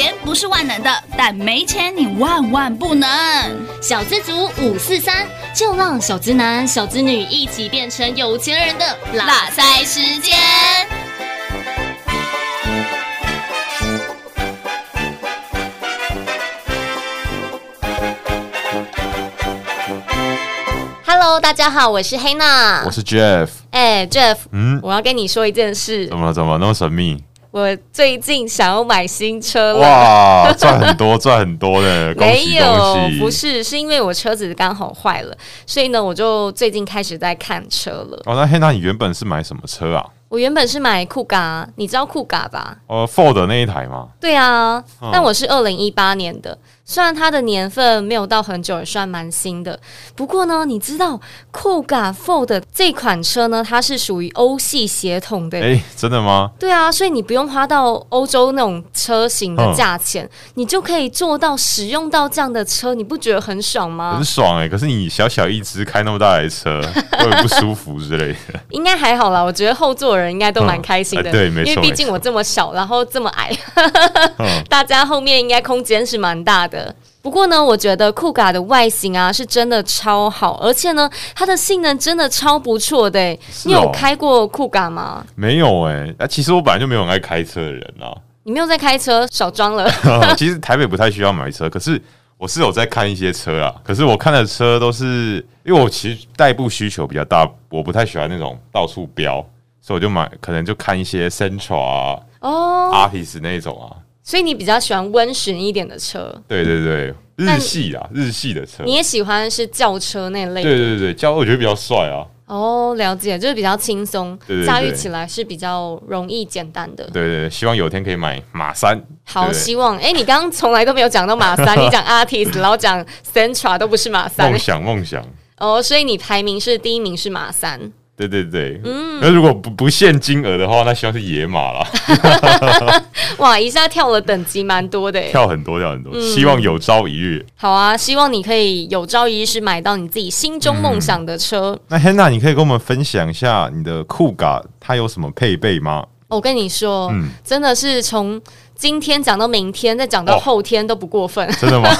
錢不是萬能的，但沒錢你萬萬不能。小資族五四三，就讓小資男、小資女一起變成有錢人的喇賽時間。 Hello，大家好，我是黑娜，我是 Jeff。哎，欸，Jeff，嗯，我要跟你說一件事。怎麼？怎麼那麼神秘？我最近想要買新車了。哇！賺 很多！賺很多的。沒有，恭喜，不是，是因為我車子剛好壞了，所以呢，我就最近開始在看車了。哦，那黑娜，你原本是買什麼車啊？我原本是買 Kuga，你知道 Kuga 吧？呃、哦、Ford 那一台嗎？對啊，嗯、但我是二零一八年的。雖然它的年份沒有到很久，也算蠻新的。不過呢，你知道酷嘎 Ford 這款車呢，它是屬於歐系協同的。哎、欸，真的嗎？對啊，所以你不用花到歐洲那種車型的價錢，哼你就可以做到使用到這樣的車，你不覺得很爽嗎？很爽哎、欸！可是你小小一隻，開那麼大的車，會 不舒服之類的？應該還好啦，我覺得後座人應該都蠻開心的。呃、對，沒錯，因為畢竟我這麼小，然後這麼矮， 哼大家後面應該空間是蠻大的。不過呢，我覺得 Kuga 的外形啊是真的超好，而且呢，它的性能真的超不錯的。哦、你有開過 Kuga 嗎？沒有哎、欸，那、啊、其實我本來就沒有愛開車的人啊。你沒有在開車，少裝了。 其實台北不太需要買車，可是我是有在看一些車啊。可是我看的車都是因為我其實代步需求比較大，我不太喜歡那種到處飆，所以我就買，可能就看一些 Central 啊，oh? Artist 那種啊。所以你比較喜歡溫馴一點的車，對對對，日系啊，那日系的車，你也喜歡是轎車那類的，對對對，轎我覺得比較帥啊。哦，oh, 了解，就是比較輕鬆駕馭起來是比較容易簡單的。對，對對，希望有一天可以買馬三。好，對對對，希望哎、欸，你剛剛從來都沒有講到馬三， 你講 Altis，然後講 Sentra 都不是馬三，欸，夢想夢想。哦，oh, 所以你排名是第一名是馬三。對對對，嗯，那如果不不限金額的話，那希望是野馬啦。哇，一下跳了等級蠻多的、欸、跳很多，跳很多，嗯、希望有朝一日。好啊，希望你可以有朝一日是買到你自己心中夢想的車。嗯、那 Henna 你可以跟我們分享一下你的酷嘎它有什麼配備嗎？我跟你說，嗯、真的是從。今天講到明天，再講到後天、哦、都不過分。真的嗎？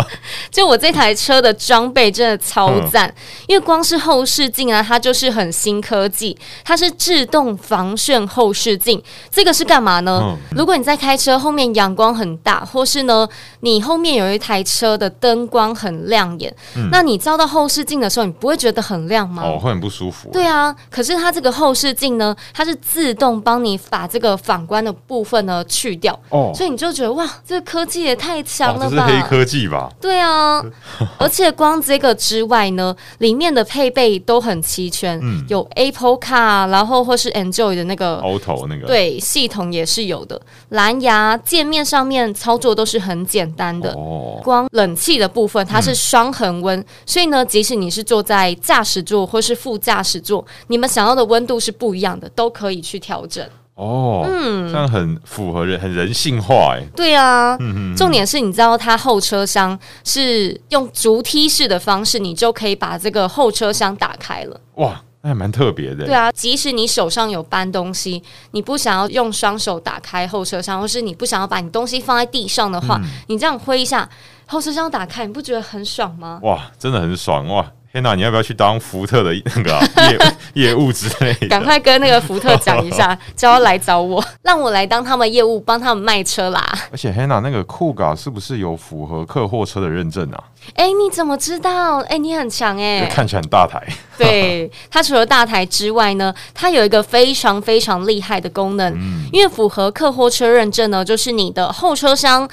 就我這台車的裝備真的超贊，嗯、因為光是後視鏡啊，它就是很新科技，它是自動防眩後視鏡。這個是幹嘛呢？嗯、如果你在開車，後面陽光很大，或是呢，你後面有一台車的燈光很亮眼，嗯、那你照到後視鏡的時候，你不會覺得很亮嗎？哦，會很不舒服。對啊，可是它這個後視鏡呢，它是自動幫你把這個反光的部分呢去掉。哦，oh. 所以你就覺得哇，這個科技也太強了吧？Oh, 這是黑科技吧？對啊， 而且光這個之外呢，裡面的配備都很齊全，嗯、有 Apple Car，然後或是 Android 的那個 Auto 那個，對，系統也是有的，藍牙界面上面操作都是很簡單的。哦，oh. 光冷氣的部分它是雙恆溫，嗯、所以呢，即使你是坐在駕駛座或是副駕駛座，你們想要的溫度是不一樣的，都可以去調整。哦，嗯，這樣很符合人，很人性化，欸，哎，對啊，嗯哼哼，重點是你知道它後車廂是用竹梯式的方式，你就可以把這個後車廂打開了。哇，那還蠻特別的欸。對啊，即使你手上有搬東西，你不想要用雙手打開後車廂，或是你不想要把你東西放在地上的話，嗯、你這樣揮一下後車廂打開，你不覺得很爽嗎？哇，真的很爽哇！天哪！Hannah, 你要不要去當福特的那個、啊、業 業務之類？趕快跟那個福特講一下，叫他 來找我，讓我來當他們業務，幫他們賣車啦！而且，Hannah 那個 Kuga 是不是有符合客貨車的認證啊？哎、欸，你怎麼知道？哎、欸，你很強哎、欸！看起來很大台。 對，它除了大台之外呢，它有一個非常非常厲害的功能，嗯、因為符合客貨車認證呢，就是你的後車廂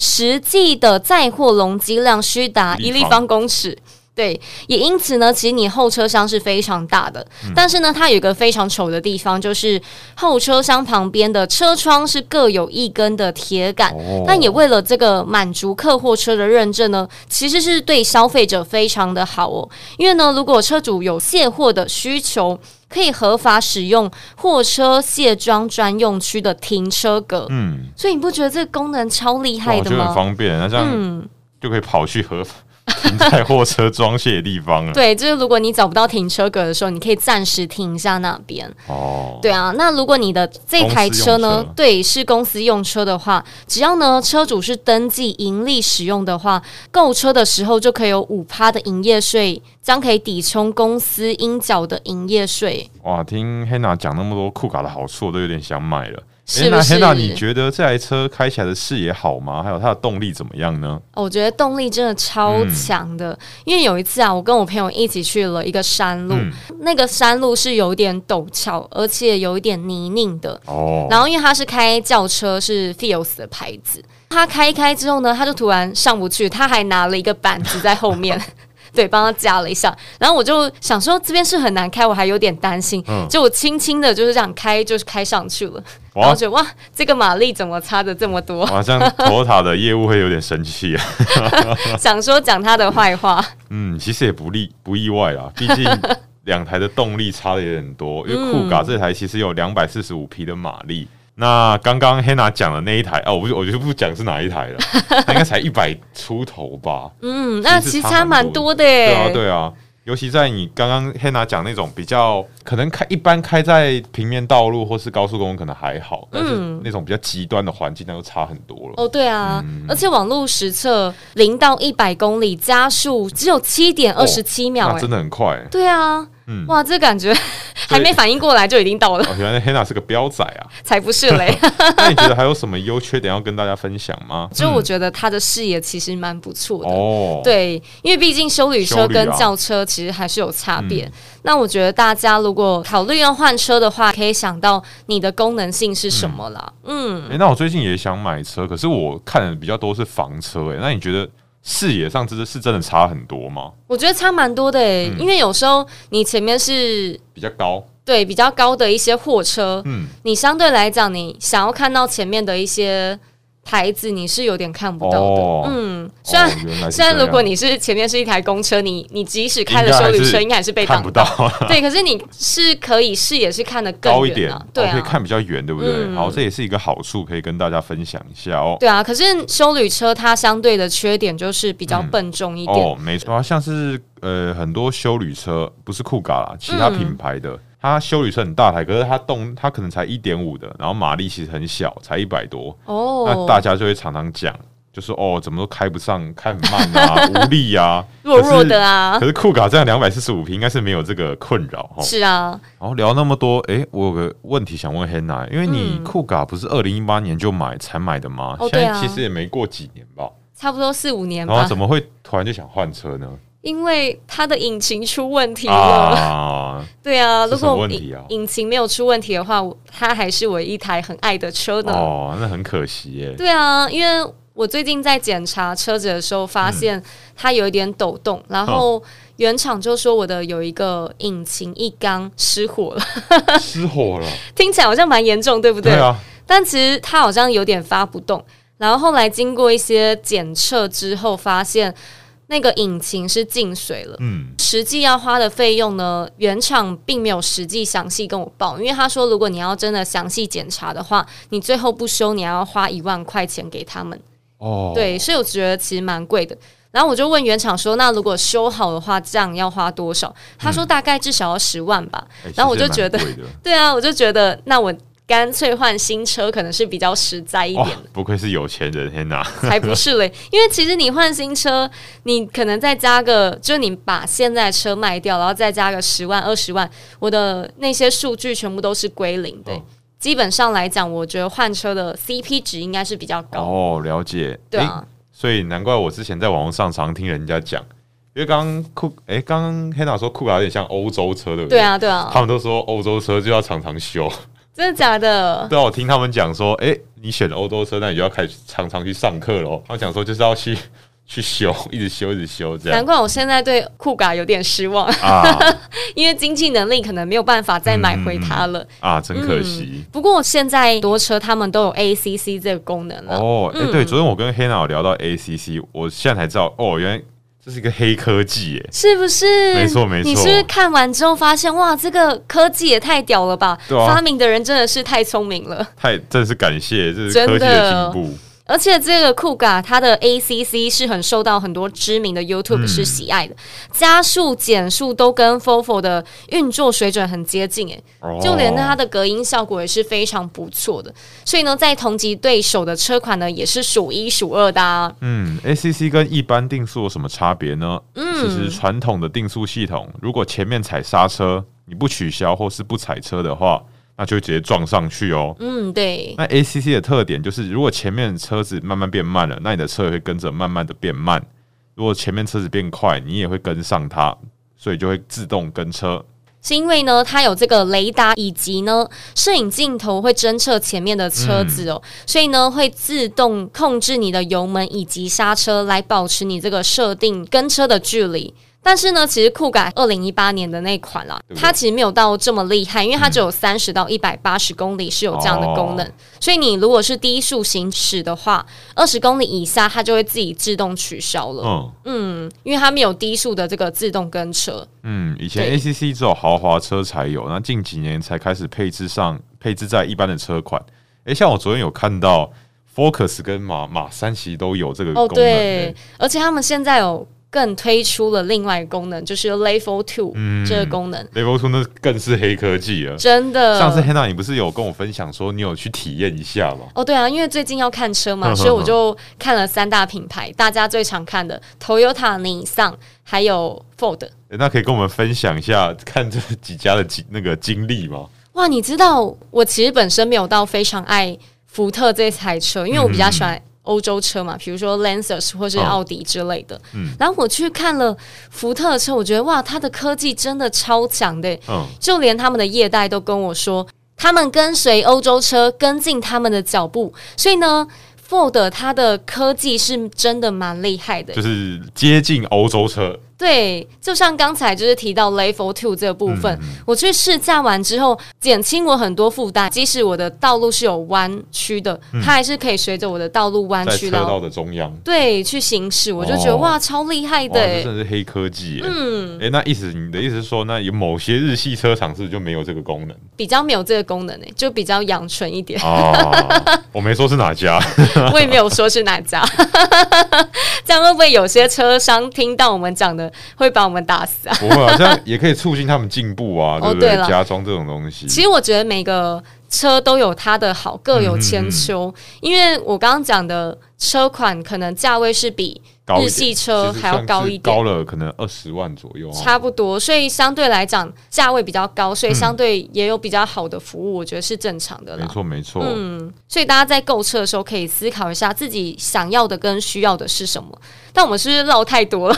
實際的載貨容積量需達一立方公尺。對，也因此呢，其實你後車廂是非常大的，嗯、但是呢，它有一個非常醜的地方，就是後車廂旁邊的車窗是各有一根的鐵桿。哦、但也為了這個滿足客貨車的認證呢，其實是對消費者非常的好哦。因為呢，如果車主有卸貨的需求，可以合法使用貨車卸裝專用區的停車格。嗯，所以你不覺得這個功能超厲害的嗎？我覺得很方便，那這樣就可以跑去合法。嗯停在貨車裝卸的地方啊， 對，就是如果你找不到停車格的時候，你可以暫時停一下那邊。哦，對啊，那如果你的這台車呢，車對，是公司用車的話，只要呢車主是登記營利使用的話，購車的時候就可以有五趴的營業稅，將可以抵充公司應繳的營業稅。哇，聽黑娜講那麼多酷卡的好處，我都有點想買了。是，是、欸、那 Hana 你覺得這台車開起來的視野好嗎？還有它的動力怎麼樣呢？哦、我覺得動力真的超強的。嗯、因為有一次啊，我跟我朋友一起去了一個山路，嗯、那個山路是有點陡峭，而且有一點泥濘的。哦，然後因為他是開轎車，是 Fios 的牌子，他開一開之後呢，他就突然上不去，他還拿了一個板子在後面。 對，幫他加了一下，然後我就想說這邊是很難開，我還有點擔心，嗯、就我輕輕的就是這樣開，就是開上去了，哇然後覺得哇，這個馬力怎麼差的這麼多？好像 Toyota 的業務會有點生氣啊， 想說講他的壞話。嗯，其實也不意不意外啊，畢竟兩台的動力差的也很多，嗯、因為酷咖這台其實有兩百四十五匹的馬力。那剛剛 Hanna 講的那一台哦、啊，我不我就不講是哪一台了， 它應該才一百出頭吧？嗯，那其實差蠻多的。多的欸、對啊，對啊，尤其在你剛剛 Hanna 講那種比較可能開一般開在平面道路或是高速公路可能還好，嗯、但是那種比較極端的環境，那就差很多了。哦，對啊，嗯、而且網絡實測零到一百公里加速只有七點二十七秒、欸哦，那真的很快。對啊。嗯，哇，這感覺還沒反應過來，就已經到了。原來 Hanna 是個飆仔啊！才不是嘞。 那你覺得還有什麼優缺點要跟大家分享嗎？就我覺得他的視野其實蠻不錯的。哦，嗯、對，因為畢竟休旅車跟轎車其實還是有差別。休旅啊、那我覺得大家如果考慮要換車的話，可以想到你的功能性是什麼啦？嗯，嗯、欸，那我最近也想買車，可是我看的比較多是房車誒、欸，那你覺得？視野上，這是真的差很多嗎？我覺得差蠻多的欸，嗯，因為有時候你前面是比較高，對比較高的一些貨車，嗯，你相對來講，你想要看到前面的一些，牌子你是有點看不到的，哦、嗯，雖然雖然、哦、如果你是前面是一台公車，你你即使開了休旅車，應該，應該還是被擋不到、啊。 對，可是你是可以視野是看的、啊、高一點，對、啊哦，可以看比較遠，對不對？好、嗯，這也是一個好處，可以跟大家分享一下哦。對啊，可是休旅車它相對的缺點就是比較笨重一點、嗯。哦，沒錯、啊，像是呃很多休旅車不是 Kuga 啦，其他品牌的。嗯它休旅車很大台，可是它動它可能才一點五的，然後馬力其實很小，才一百多。哦，oh. 那大家就會常常講，就說、是、哦，怎麼都開不上，開很慢啊， 無力啊，弱弱的啊。可是酷卡這樣兩百四十五匹應該是沒有這個困擾。是啊，然後聊那麼多，哎、欸，我有個問題想問 Hannah，因為你酷卡不是二零一八年就買、嗯、才買的嗎？Oh, 現在其實也沒過幾年吧，差不多四五年吧。然後怎麼會突然就想換車呢？因為它的引擎出問題了，啊， 對啊，啊如果引擎沒有出問題的話，它還是我一台很愛的車呢。哦，那很可惜耶。對啊，因為我最近在檢查車子的時候，發現它有一點抖動，嗯，然後原廠就說我的有一個引擎一缸失火了 ，失火了，聽起來好像蠻嚴重，對不對？對啊，但其實它好像有點發不動，然後後來經過一些檢測之後，發現。那個引擎是進水了，嗯，實際要花的費用呢，原廠並沒有實際詳細跟我報，因為他說如果你要真的詳細檢查的話，你最後不修，你還要花一萬塊錢給他們，哦，對，所以我覺得其實蠻貴的。然後我就問原廠說，那如果修好的話，這樣要花多少？他說大概至少要十萬吧。然後我就覺得，對啊，我就覺得那我。乾脆換新車可能是比較實在一點的。不愧是有錢人，天吶，才不是嘞，因為其實你換新車，你可能再加個，就是你把現在車賣掉，然後再加個十萬二十萬，我的那些數據全部都是歸零。對，基本上來講，我覺得換車的 CP 值應該是比較高。哦，了解。對。所以難怪我之前在網絡上常聽人家講，因為剛酷，誒，剛剛黑娜說酷卡有點像歐洲車，對不對？對啊，對啊。他們都說歐洲車就要常常修。真的假的對？對啊，我聽他們講說，哎、欸，你選歐洲車，那你就要開始常常去上課嘍。他講說就是要去去修，一直修，一直修這樣。難怪我現在對酷嘎有點失望、啊、 因為經濟能力可能沒有辦法再買回它了、嗯、啊，真可惜、嗯。不過現在多車他們都有 ACC 這個功能了、啊、哦。哎、欸，嗯、對，昨天我跟黑娜聊到 ACC，我現在才知道哦，原來。這是一個黑科技欸，是不是？沒錯，沒錯。你是不是看完之後發現，哇，這個科技也太屌了吧？對啊，發明的人真的是太聰明了。太，真是感謝，這是科技的進步。而且這個 Kuga，它的 ACC 是很受到很多知名的 YouTube、嗯、是喜愛的，加速減速都跟 Folfo 的運作水準很接近、欸，誒、哦，就連它的隔音效果也是非常不錯的，所以呢，在同級對手的車款呢，也是數一數二的、啊。嗯，ACC 跟一般定速有什麼差別呢？嗯，其實傳統的定速系統，如果前面踩剎車，你不取消或是不踩車的話。那就直接撞上去哦。嗯，對。那 ACC 的特點就是，如果前面車子慢慢變慢了，那你的車也會跟着慢慢的變慢；如果前面車子變快，你也會跟上它，所以就會自動跟車。是因為呢，它有這個雷達以及呢攝影鏡頭會偵測前面的車子哦，嗯，所以呢會自動控制你的油門以及剎車來保持你這個設定跟車的距離。但是呢，其實酷改二零一八年的那一款啦，對對它其實沒有到這麼厲害，因為它只有三十到一百八十公里是有這樣的功能。嗯、所以你如果是低速行駛的話，二十公里以下它就會自己自動取消了。嗯，嗯，因為它沒有低速的這個自動跟車。嗯，以前 A C C 只有豪華車才有，對那近幾年才開始配置上，配置在一般的車款。哎、欸，像我昨天有看到 Focus 跟馬馬三奇都有這個功能、欸哦，而且他們現在有。更推出了另外一個功能，就是 Level Two 這個功能。嗯，Level Two 那更是黑科技了，真的。上次 Hannah 你不是有跟我分享說你有去體驗一下嗎？哦，對啊，因為最近要看車嘛，所以我就看了三大品牌，呵呵呵，大家最常看的 Toyota、Nissan 還有 Ford。欸，那可以跟我們分享一下看這幾家的經那個經歷嗎？哇，你知道我其實本身沒有到非常愛福特這台車，因為我比較喜歡。嗯。歐洲車嘛，比如說 Lancers 或者是奧迪之類的。Oh, 嗯，然後我去看了福特車，我覺得哇，它的科技真的超強的。嗯，oh. 就連他們的業代都跟我說，他們跟隨歐洲車，跟進他們的腳步。所以呢，Ford 它的科技是真的蠻厲害的，就是接近歐洲車。對，就像剛才就是提到 Level Two 這個部分，嗯、我去試駕完之後，減輕我很多負擔。即使我的道路是有彎曲的，它、嗯、還是可以隨着我的道路彎曲到車道的中央，對，去行駛。我就覺得、哦、哇，超厲害的，這真的是黑科技。嗯，哎、欸，那意思你的意思是說，那有某些日系車廠是不是就沒有這個功能？比較沒有這個功能呢，就比較陽春一點、哦。我沒說是哪家， 我也沒有說是哪家。 這樣會不會有些車商聽到我們講的？會把我們打死啊？不會、啊、好像也可以促進他們進步啊， 對不對？對，加裝這種東西，其實我覺得每個車都有它的好，各有千秋。嗯、哼因為我剛剛講的車款，可能價位是比，日系車是、啊、還要高一點，高了可能二十萬左右，差不多。所以相對來講，價位比較高，所以相對也有比較好的服務，我覺得是正常的。沒錯，沒錯。嗯，所以大家在購車的時候可以思考一下，自己想要的跟需要的是什麼。但我們是不是嘮太多了？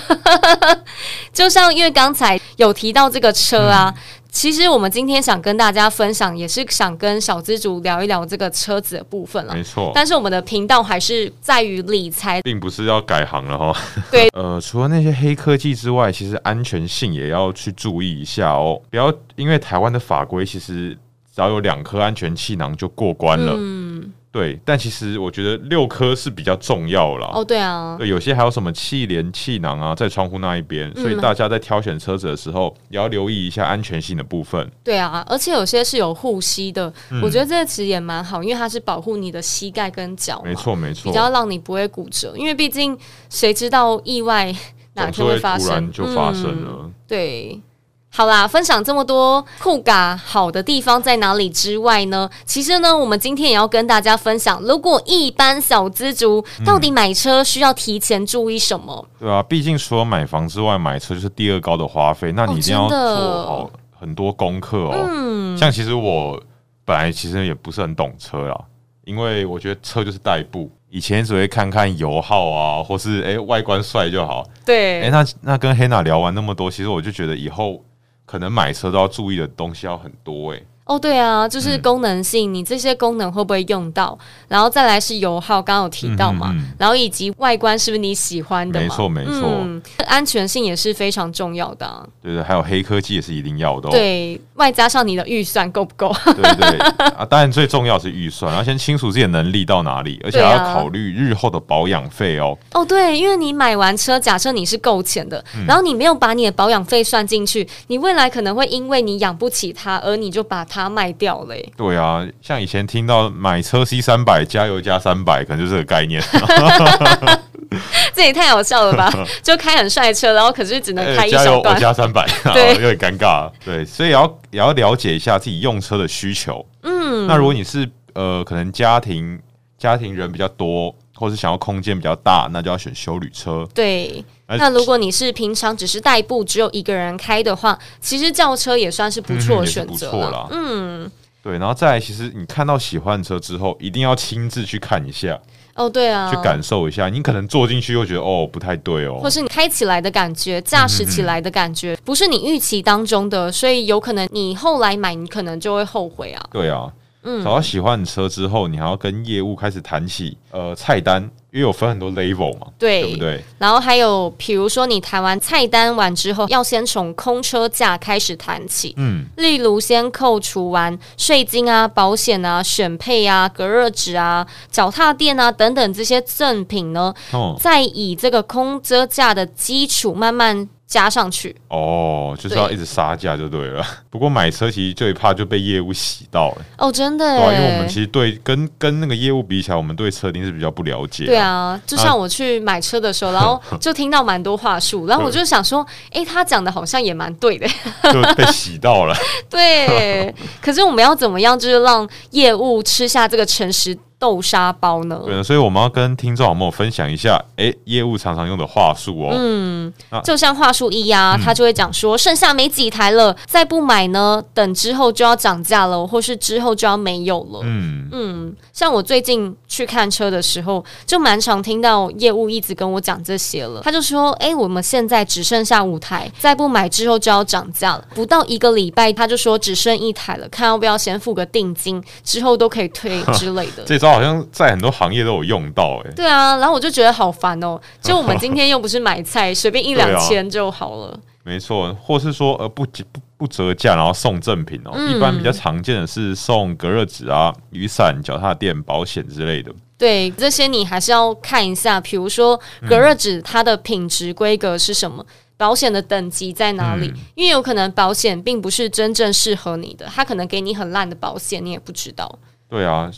就像因為剛才。有提到這個車啊，嗯、其實我們今天想跟大家分享，也是想跟小資族聊一聊這個車子的部分了。沒錯，但是我們的頻道還是在於理財，並不是要改行了哈。對呵呵，呃，除了那些黑科技之外，其實安全性也要去注意一下哦，不要因為台灣的法規，其實只要有兩顆安全氣囊就過關了。嗯對，但其實我覺得六顆是比較重要啦。哦，oh, 對啊，對，有些還有什麼氣簾、氣囊啊，在窗戶那一邊，嗯、所以大家在挑選車子的時候，也要留意一下安全性的部分。對啊，而且有些是有護膝的，嗯、我覺得這個其實也蠻好，因為它是保護你的膝蓋跟腳，沒錯沒錯，比較讓你不會骨折，因為畢竟誰知道意外哪天會，會發生，突然就發生了。嗯、對。好啦，分享這麼多酷嘎好的地方在哪裡之外呢？其實呢，我們今天也要跟大家分享，如果一般小資族到底買車需要提前注意什麼？嗯、對啊，畢竟除了買房之外，買車就是第二高的花費，那你一定要做好很多功課，喔、哦。嗯，像其實我本來其實也不是很懂車啊，因為我覺得車就是代步，以前只會看看油耗啊，或是誒、欸、外觀帥就好。對，誒、欸，那那跟黑娜聊完那麼多，其實我就覺得以後。可能買車都要注意的東西要很多誒、欸。哦，對啊，就是功能性，嗯、你這些功能會不會用到？然後再來是油耗，剛剛有提到嘛，嗯嗯，然後以及外觀是不是你喜歡的嗎？沒錯，沒錯、嗯，安全性也是非常重要的、啊。對對，還有黑科技也是一定要的、喔。對，外加上你的預算夠不夠？對對，對啊，當然最重要是預算，然後先清楚自己的能力到哪裡，而且還要考慮日後的保養費哦。啊、哦，對，因為你買完車，假設你是夠錢的，然後你沒有把你的保養費算進去，嗯、你未來可能會因為你養不起它，而你就把它。把它賣掉嘞，欸，對啊，像以前聽到買車 C 三百，加油加三百，可能就是這個概念。這也太好笑了吧？就開很帥車，然後可是只能開，欸，加油一，我加三百，對，啊，有點尷尬。對，所以也要也要了解一下自己用車的需求。嗯，那如果你是呃，可能家庭家庭人比較多，或是想要空間比較大，那就要選休旅車。對。那如果你是平常只是代步，只有一個人開的話，其實轎車也算是不錯的選擇。嗯，嗯對。然後再來，其實你看到喜歡的車之後，一定要親自去看一下。哦，對啊，去感受一下。你可能坐進去又覺得哦，不太對哦，或是你開起來的感覺，駕駛起來的感覺，嗯，不是你預期當中的，所以有可能你後來買，你可能就會後悔啊。對啊，嗯。找到喜歡的車之後，你還要跟業務開始談起，呃，菜單。因為有分很多 level 嘛，對，對不對？然後還有，比如說你談完菜單完之後，要先從空車價開始談起，嗯，例如先扣除完稅金啊、保險啊、選配啊、隔熱紙啊、腳踏墊啊等等這些贈品呢，哦，再以這個空車價的基礎慢慢。加上去哦，oh, 就是要一直殺價就對了。對，不過買車其實最怕就被業務洗到了，欸，哦，oh, 真的，欸啊，因為我們其實對跟跟那個業務比起來，我們對車定是比較不了解。啊，對啊，就像我去買車的時候，啊，然後就聽到蠻多話術， 然後我就想說，哎對、欸，他講的好像也蠻對的， 就被洗到了。對， 可是我們要怎麼樣，就是讓業務吃下這個誠實。豆沙包呢？對，所以我們要跟聽眾朋友有分享一下，哎、欸，業務常常用的話術哦。嗯，啊、就像話術一呀、啊，他就會講說，嗯、剩下沒幾台了，再不買呢，等之後就要漲價了，或是之後就要沒有了。嗯嗯，像我最近去看車的時候，就蠻常聽到業務一直跟我講這些了。他就說，哎、欸，我們現在只剩下五台，再不買之後就要漲價了。不到一個禮拜，他就說只剩一台了，看要不要先付個定金，之後都可以退之類的。這招。啊、好像在很多行業都有用到哎、欸，對啊，然後我就覺得好煩哦、喔。就我們今天又不是買菜，隨、 啊、便一兩千就好了。沒錯，或是說呃不不不折價，然後送贈品哦、喔。嗯、一般比較常見的是送隔熱紙啊、雨傘、腳踏墊、保險之類的。對這些你還是要看一下，比如說隔熱紙它的品質規格是什麼，保險的等級在哪裡，嗯、因為有可能保險並不是真正適合你的，它可能給你很爛的保險，你也不知道。對啊。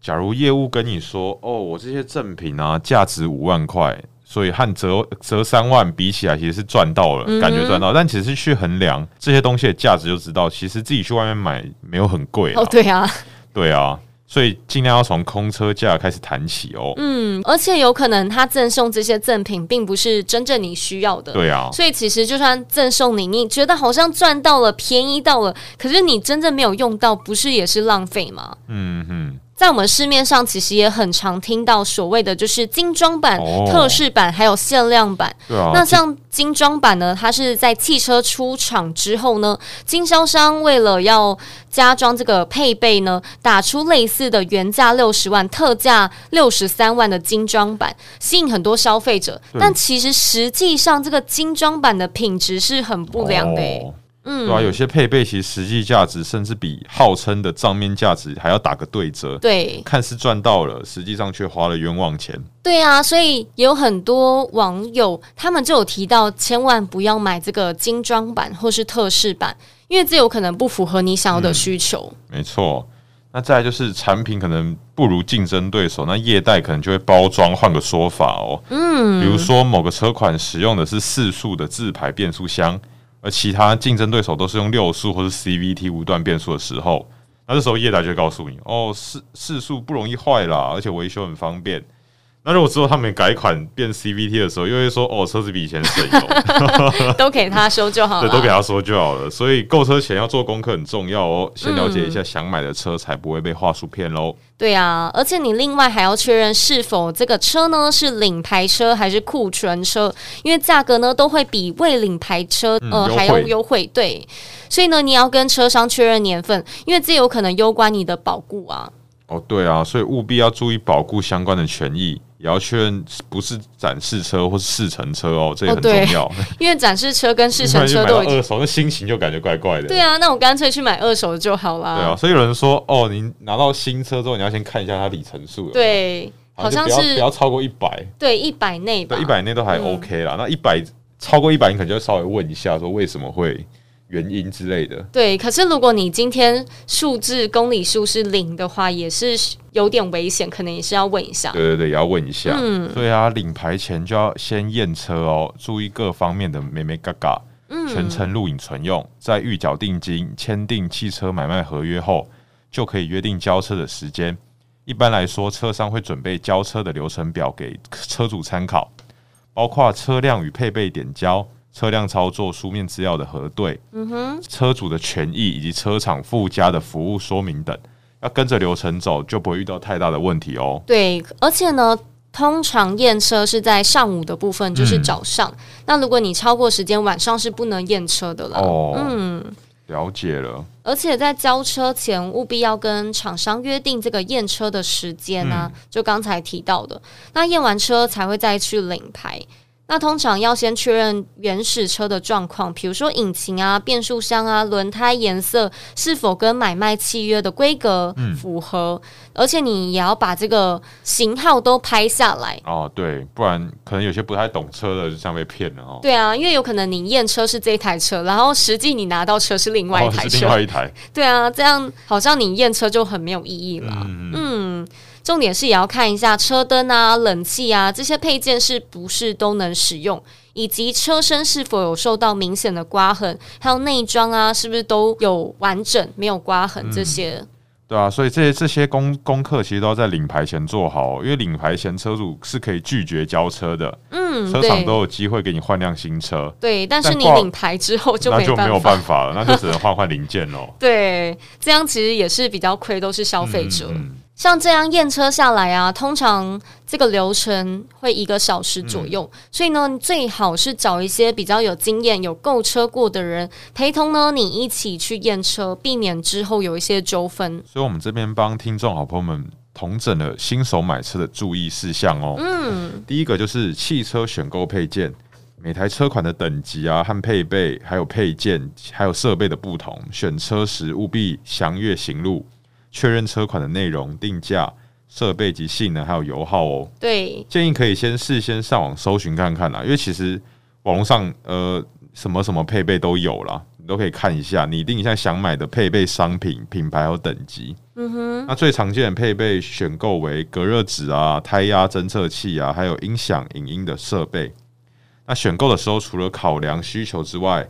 假如業務跟你說：“哦，我這些贈品啊，價值五萬塊，所以和折折三萬比起來，其實是賺到了，嗯、哼感覺賺到。但其實是去衡量這些東西的價值，就知道其實自己去外面買沒有很貴、啊、哦，對啊，對啊，所以盡量要從空車價開始談起哦。嗯，而且有可能他贈送這些贈品，並不是真正你需要的。對啊，所以其實就算贈送你，你覺得好像賺到了，便宜到了，可是你真正沒有用到，不是也是浪費嗎？嗯哼。在我們市面上，其實也很常聽到所謂的就是精裝版、oh. 特仕版，還有限量版。啊、那像精裝版呢，它是在汽車出廠之後呢，經銷商為了要加裝這個配備呢，打出類似的原價六十萬，特價六十三萬的精裝版，吸引很多消費者。對但其實實際上，這個精裝版的品質是很不良的、欸。Oh. 嗯，對啊。有些配備其實實際價值甚至比號稱的賬面價值還要打個對折。對，看似賺到了，實際上卻花了冤枉錢。對啊，所以也有很多網友他們就有提到，千萬不要買這個精裝版或是特仕版，因為這有可能不符合你想要的需求。嗯，沒錯，那再來就是產品可能不如競爭對手，那業代可能就會包裝換個說法哦。嗯，比如說某個車款使用的是四速的自排變速箱。而其他競爭對手都是用六速或是 CVT 無段變速的時候，那這時候業代就告訴你：哦，四四速不容易壞啦，而且維修很方便。那、啊、如果之後他們改款變 CVT 的時候，又會說哦，車子比以前省油， 都給他修就好了。 對，都給他說就好了。所以購車前要做功課很重要哦，先了解一下想買的車，才不會被話術騙嘍。對啊，而且你另外還要確認是否這個車呢是領牌車還是庫存車，因為價格呢都會比未領牌車、嗯、呃惠還要優惠。對，所以呢你要跟車商確認年份，因為這有可能攸關你的保固啊。哦，對啊，所以務必要注意保固相關的權益，也要確認是不是展示車或是試乘車哦，這也很重要。哦、對 因為展示車跟試乘車都二手，那心情就感覺怪怪的。對啊，那我乾脆去買二手的就好啦。對啊，所以有人說，哦，你拿到新車之後，你要先看一下它里程數，對，好像是不要超過一百，對，一百內，對，一百內都還 OK 啦。嗯、那一百超過一百，你肯定就要稍微問一下，說為什麼會？原因之類的，對。可是如果你今天數字公里數是零的話，也是有點危險，可能也是要問一下。對對對，也要問一下。嗯。所以啊，領牌前就要先驗車哦，注意各方面的眉眉角角。嗯。全程錄影存用，嗯、在預繳定金、簽訂汽車買賣合約後，就可以約定交車的時間。一般來說，車商會準備交車的流程表給車主參考，包括車輛與配備點交。車輛操作、書面資料的核對，嗯哼，車主的權益以及車廠附加的服務說明等，要跟着流程走就不會遇到太大的問題哦。對，而且呢，通常驗車是在上午的部分，就是早上。嗯、那如果你超過時間，晚上是不能驗車的了。哦，嗯，了解了。而且在交車前，務必要跟廠商約定這個驗車的時間啊。嗯、就剛才提到的，那驗完車才會再去領牌。那通常要先確認原始車的狀況，比如說引擎啊、變速箱啊、輪胎顏色是否跟買賣契約的規格符合，嗯、而且你也要把這個型號都拍下來。哦，對，不然可能有些不太懂車的就像被騙了。哦。對啊，因為有可能你驗車是這台車，然後實際你拿到車是另外一台車。哦，另外一台。 對啊，這樣好像你驗車就很沒有意義了。嗯。嗯重點是也要看一下車燈啊、冷氣啊這些配件是不是都能使用，以及車身是否有受到明顯的刮痕，還有內裝啊是不是都有完整，沒有刮痕這些。嗯、對啊，所以這些這些功功課其實都要在領牌前做好，因為領牌前車主是可以拒絕交車的。嗯，車廠都有機會給你換輛新車。對，但是你領牌之後就沒辦法，那就沒有辦法了，那就只能換換零件嘍、喔。 對，這樣其實也是比較虧，都是消費者。嗯嗯像這樣驗車下來啊，通常這個流程會一個小時左右，嗯、所以呢，最好是找一些比較有經驗、有購車過的人陪同呢，你一起去驗車，避免之後有一些糾紛。所以，我們這邊幫聽眾好朋友們統整了新手買車的注意事項哦、喔。嗯，嗯，第一個就是汽車選購配件，每台車款的等級啊和配備，還有配件還有設備的不同，選車時務必詳閱型錄。確認車款的內容、定價、設備及性能，還有油耗哦、喔。對，建議可以先事先上網搜尋看看啦，因為其實網絡上呃什麼什麼配備都有啦，你都可以看一下你定一下想買的配備商品、品牌和等級。嗯哼。那最常見的配備選購為隔熱紙啊、胎壓偵測器啊，還有音響影音的設備。那選購的時候，除了考量需求之外，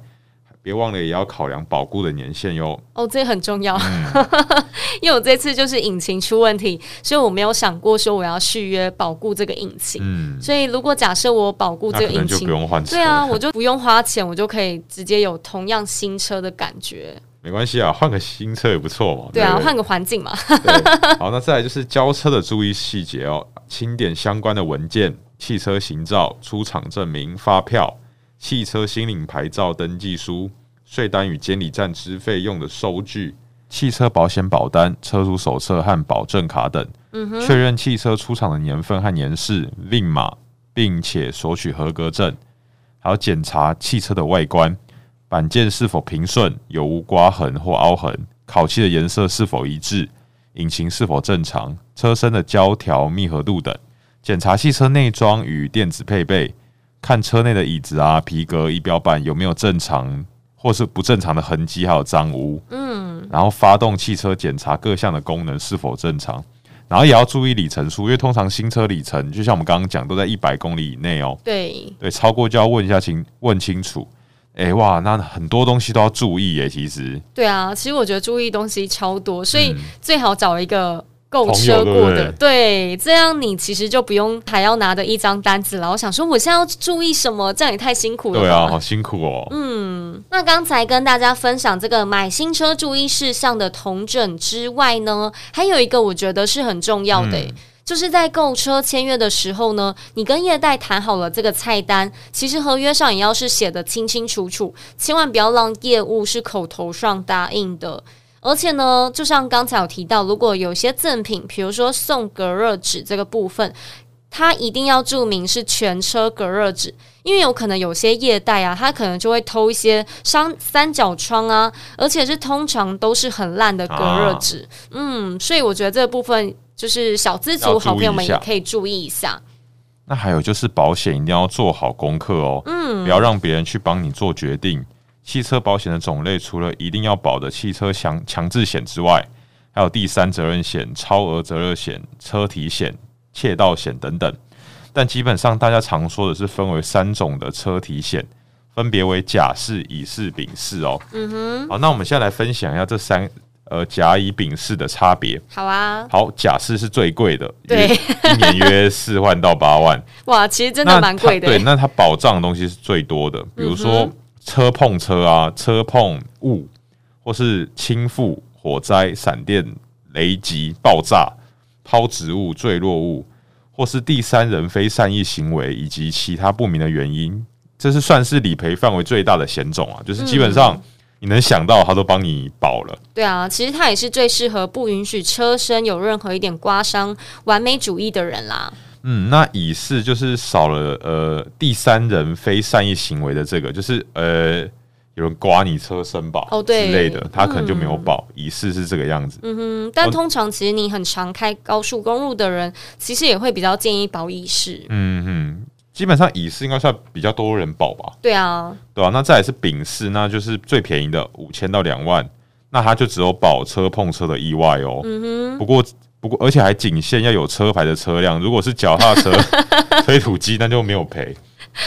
別忘了也要考量保固的年限喲。哦，這很重要。嗯、 因為我這次就是引擎出問題，所以我沒有想過說我要續約保固這個引擎。嗯，所以如果假設我保固這個引擎，就不用換車，對啊，我就不用花錢，我就可以直接有同樣新車的感覺。 沒關係啊，換個新車也不錯嘛。對啊，換個環境嘛。 好，那再來就是交車的注意細節哦，清點相關的文件、汽車行照、出廠證明、發票、汽車新領牌照登記書。稅單與監理站支費用的收據、汽車保險保單、車主手冊和保證卡等，確、嗯、哼認汽車出廠的年份和年式、VIN 碼，並且索取合格證，還要檢查汽車的外觀板件是否平順，有無刮痕或凹痕，烤漆的顏色是否一致，引擎是否正常，車身的膠條密合度等。檢查汽車內裝與電子配備，看車內的椅子啊、皮革儀表板有沒有正常。或是不正常的痕跡，還有髒污，嗯，然後發動汽車檢查各項的功能是否正常，然後也要注意里程數，因為通常新車里程就像我們剛剛講，都在一百公里以內哦、喔。對對，超過就要問一下清，問清楚。誒、欸，哇，那很多東西都要注意哎，其實。對啊，其實我覺得注意東西超多，所以最好找一個。嗯購車過的，對，對，對，這樣你其實就不用還要拿着一張單子了。我想說，我現在要注意什麼？這樣也太辛苦了。對啊，好辛苦哦。嗯，那剛才跟大家分享這個買新車注意事項的統整之外呢，還有一個我覺得是很重要的、欸，嗯、就是在購車簽約的時候呢，你跟業代談好了這個菜單，其實合約上也要是寫得清清楚楚，千萬不要讓業務是口頭上答應的。而且呢，就像剛才我提到，如果有些贈品，比如說送隔熱紙這個部分，它一定要注明是全車隔熱紙，因為有可能有些業代啊，他可能就會偷一些三三角窗啊，而且是通常都是很爛的隔熱紙。啊、嗯，所以我覺得這個部分就是小資族好朋友們也可以注意一下。一下那還有就是保險一定要做好功課哦，嗯，不要讓別人去幫你做決定。汽車保險的種類，除了一定要保的汽車強強制險之外，還有第三責任險、超額責任險、車體險、竊盜險等等。但基本上大家常說的是分為三種的車體險，分別為甲式、乙式、丙式哦。嗯哼。好，那我們現在來分享一下這三呃甲乙丙式的差別。好啊。好，甲式是最貴的，對，一年約四萬到八萬。哇，其實真的蠻貴的。對，那它保障的東西是最多的，比如說。嗯車碰車啊，車碰物，或是傾覆、火災、閃電、雷擊、爆炸、拋植物、墜落物，或是第三人非善意行為以及其他不明的原因，這是算是理賠範圍最大的險種啊！就是基本上你能想到，他都幫你保了。嗯。對啊，其實他也是最適合不允許車身有任何一點刮傷、完美主義的人啦。嗯，那乙式就是少了呃第三人非善意行為的這個，就是呃有人刮你車身吧，哦對之類的，哦、他可能就沒有保。乙式、嗯、是這個樣子。嗯哼，但通常其實你很常開高速公路的人，哦、其實也會比較建議保乙式。嗯哼，基本上乙式應該算比較多人保吧。對啊，對啊。那再來是丙式，那就是最便宜的五千到兩萬，那他就只有保車碰車的意外哦。嗯哼，不過。不過，而且還僅限要有車牌的車輛。如果是腳踏車、 推土機，那就沒有賠。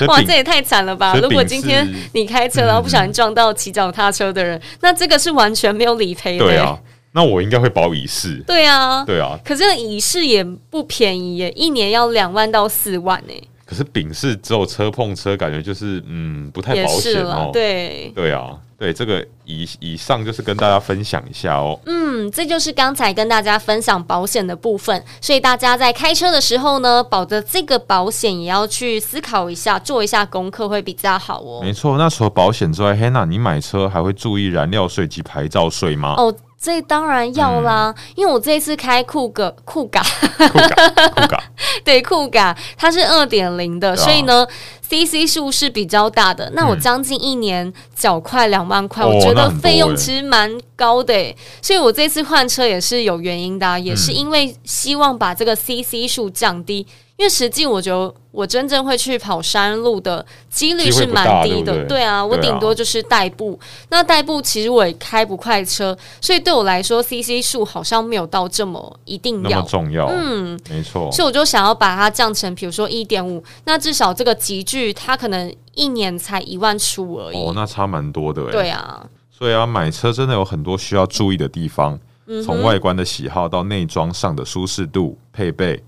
哇，這也太慘了吧！如果今天你開車，嗯、然後不小心撞到騎腳踏車的人，那這個是完全沒有理賠的、欸。對啊，那我應該會保乙式對啊，對啊。可是乙式也不便宜耶，一年要兩萬到四萬呢。可是丙式只有車碰車，感覺就是嗯不太保險哦。對對啊，對這個以以上就是跟大家分享一下哦。嗯，這就是剛才跟大家分享保險的部分，所以大家在開車的時候呢，保的這個保險也要去思考一下，做一下功課會比較好哦。沒錯，那除了保險之外，黑娜你買車還會注意燃料稅及牌照稅嗎？哦。所以當然要啦，嗯、因為我這次開 Kuga Kuga，Kuga 對 Kuga，它是二點零的，Yeah. 所以呢，CC 數是比較大的。嗯、那我將近一年繳快兩萬塊，哦、我覺得費用其實蠻高的誒。所以我這次換車也是有原因的、啊，也是因為希望把這個 CC 數降低。因為實際，我覺得我真正會去跑山路的幾率是蠻低的，對，對，對啊，我頂多就是代步。啊、那代步其實我也開不快車，所以對我來說，CC 數好像沒有到這麼一定要那麼重要，嗯，沒錯錯。所以我就想要把它降成比如說一點五，那至少這個級距它可能一年才一萬出而已，哦，那差蠻多的，對啊。所以啊，買車真的有很多需要注意的地方，從、嗯、哼外觀的喜好到內裝上的舒適度、配備。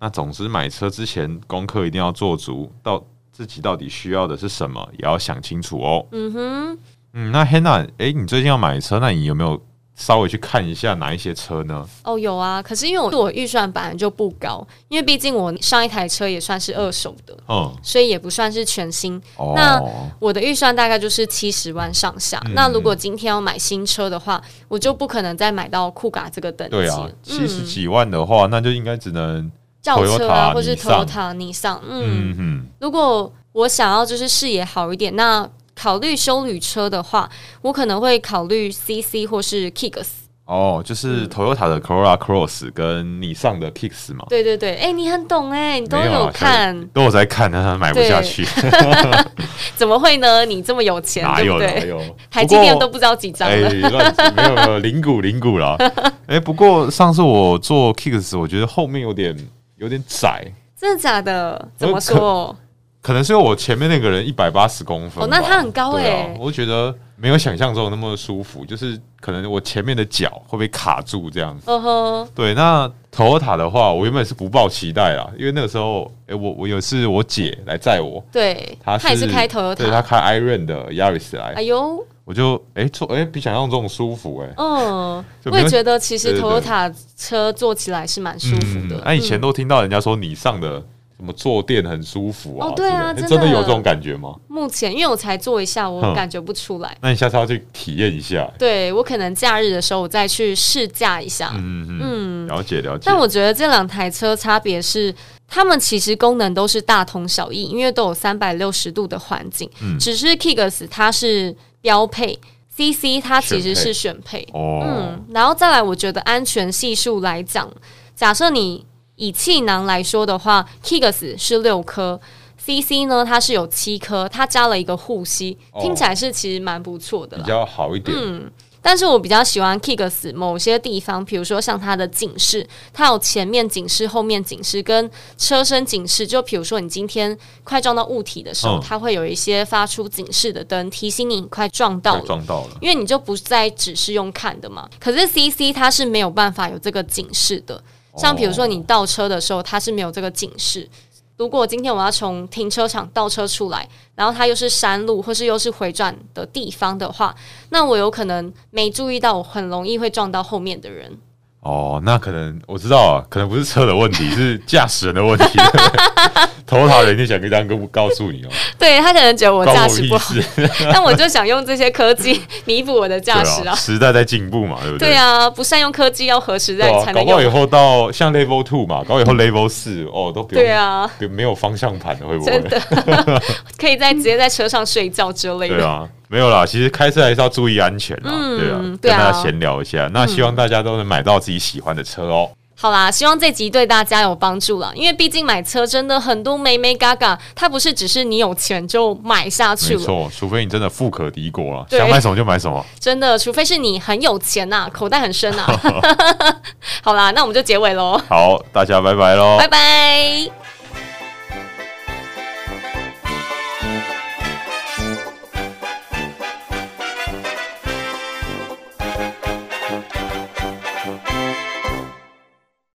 那總之，買車之前功課一定要做足，到自己到底需要的是什麼，也要想清楚哦。嗯哼，嗯，那 Hannah，哎、欸，你最近要買車，那你有沒有稍微去看一下哪一些車呢？哦，有啊，可是因為我我預算本來就不高，因為畢竟我上一台車也算是二手的，嗯，所以也不算是全新。哦，那我的預算大概就是七十萬上下。嗯，那如果今天要買新車的話，我就不可能再買到酷嘎這個等級。對啊，七十幾萬的話，嗯，那就應該只能。轎車啊，或是 Toyota 尼桑。嗯嗯，如果我想要就是視野好一點，那考慮休旅車的話，我可能會考慮 CC 或是 Kicks。哦，就是 Toyota 的 Corolla Cross 跟尼桑的 Kicks 嘛。對對對，哎，你很懂哎，都有看，都有在看他，買不下去。怎麼會呢？你這麼有錢。哪有？哪有，台積電都不知道幾張哎，亂七八糟，零股零股啦。哎，不過上次我做 Kicks，我覺得後面有點。有點窄，真的假的？怎麼說可？可能是我前面那個人一百八十公分，哦，那他很高哎、欸啊。我覺得沒有想象中那麼舒服，就是可能我前面的腳會被卡住這樣子。嗯哼、哦呵，對。那 Toyota 的話，我原本是不抱期待啦，因為那個時候，欸、我我有次我姐來載我，對，她也是開 Toyota，對，她開 Iron 的亞里斯來。哎呦。我就哎、欸、坐哎、欸、比想象中舒服哎、欸，嗯， 我也覺得其實 Toyota 車坐起來是蠻舒服的。哎，嗯啊、以前都聽到人家說你上的什麼坐墊很舒服啊，嗯、哦對啊，真的有這種感覺嗎？欸、目前因為我才坐一下，我感覺不出來。那你下次要去體驗一下。對，我可能假日的時候我再去試駕一下，嗯嗯，嗯了，了解了解。但我覺得這兩台車差別是，他們其實功能都是大同小異，因為都有三百六十度的環境，嗯，只是 Kicks 它是。標配 CC 它其實是選配，選配 oh. 嗯，然後再來，我覺得安全係數來講，假設你以氣囊來說的話，Kigas 是六顆，CC 呢，它是有七顆，它加了一個護膝，oh. 聽起來是其實蠻不錯的，比較好一點。嗯。但是我比較喜歡 Kicks 某些地方，比如說像它的警示，它有前面警示、後面警示跟車身警示。就比如說你今天快撞到物體的時候，嗯、它會有一些發出警示的燈提醒你快撞到，你撞到了，撞到了，因為你就不再只是用看的嘛。可是 CC 它是沒有辦法有這個警示的，像比如說你倒車的時候，它是沒有這個警示。如果今天我要從停車場倒車出來，然後它又是山路，或是又是迴轉的地方的話，那我有可能沒注意到，我很容易會撞到後面的人。哦，那可能我知道啊，可能不是車的問題， 是駕駛人的問題。頭 塔人就想跟大哥不告訴你哦。對他可能覺得我駕駛不好，我但我就想用這些科技彌補 我的駕駛啊。時代在進步嘛，對不對？對啊，不善用科技要何時再才能用？搞不好以後到像 level two 嘛，搞不好以後 level 四哦，都不用對啊，沒有方向盤的會不會？真的 可以在直接在車上睡覺之類的。對啊。沒有啦，其實開車還是要注意安全啦。嗯、對啦，對啊，跟大家閒聊一下，嗯、那希望大家都能買到自己喜歡的車哦、喔。好啦，希望這集對大家有幫助啦，因為畢竟買車真的很多，眉眉角角，它不是只是你有錢就買下去了。沒錯，除非你真的富可敵國啊。對想買什麼就買什麼。真的，除非是你很有錢吶、啊，口袋很深吶、啊。 好啦，那我們就結尾嘍。好，大家拜拜嘍，拜拜。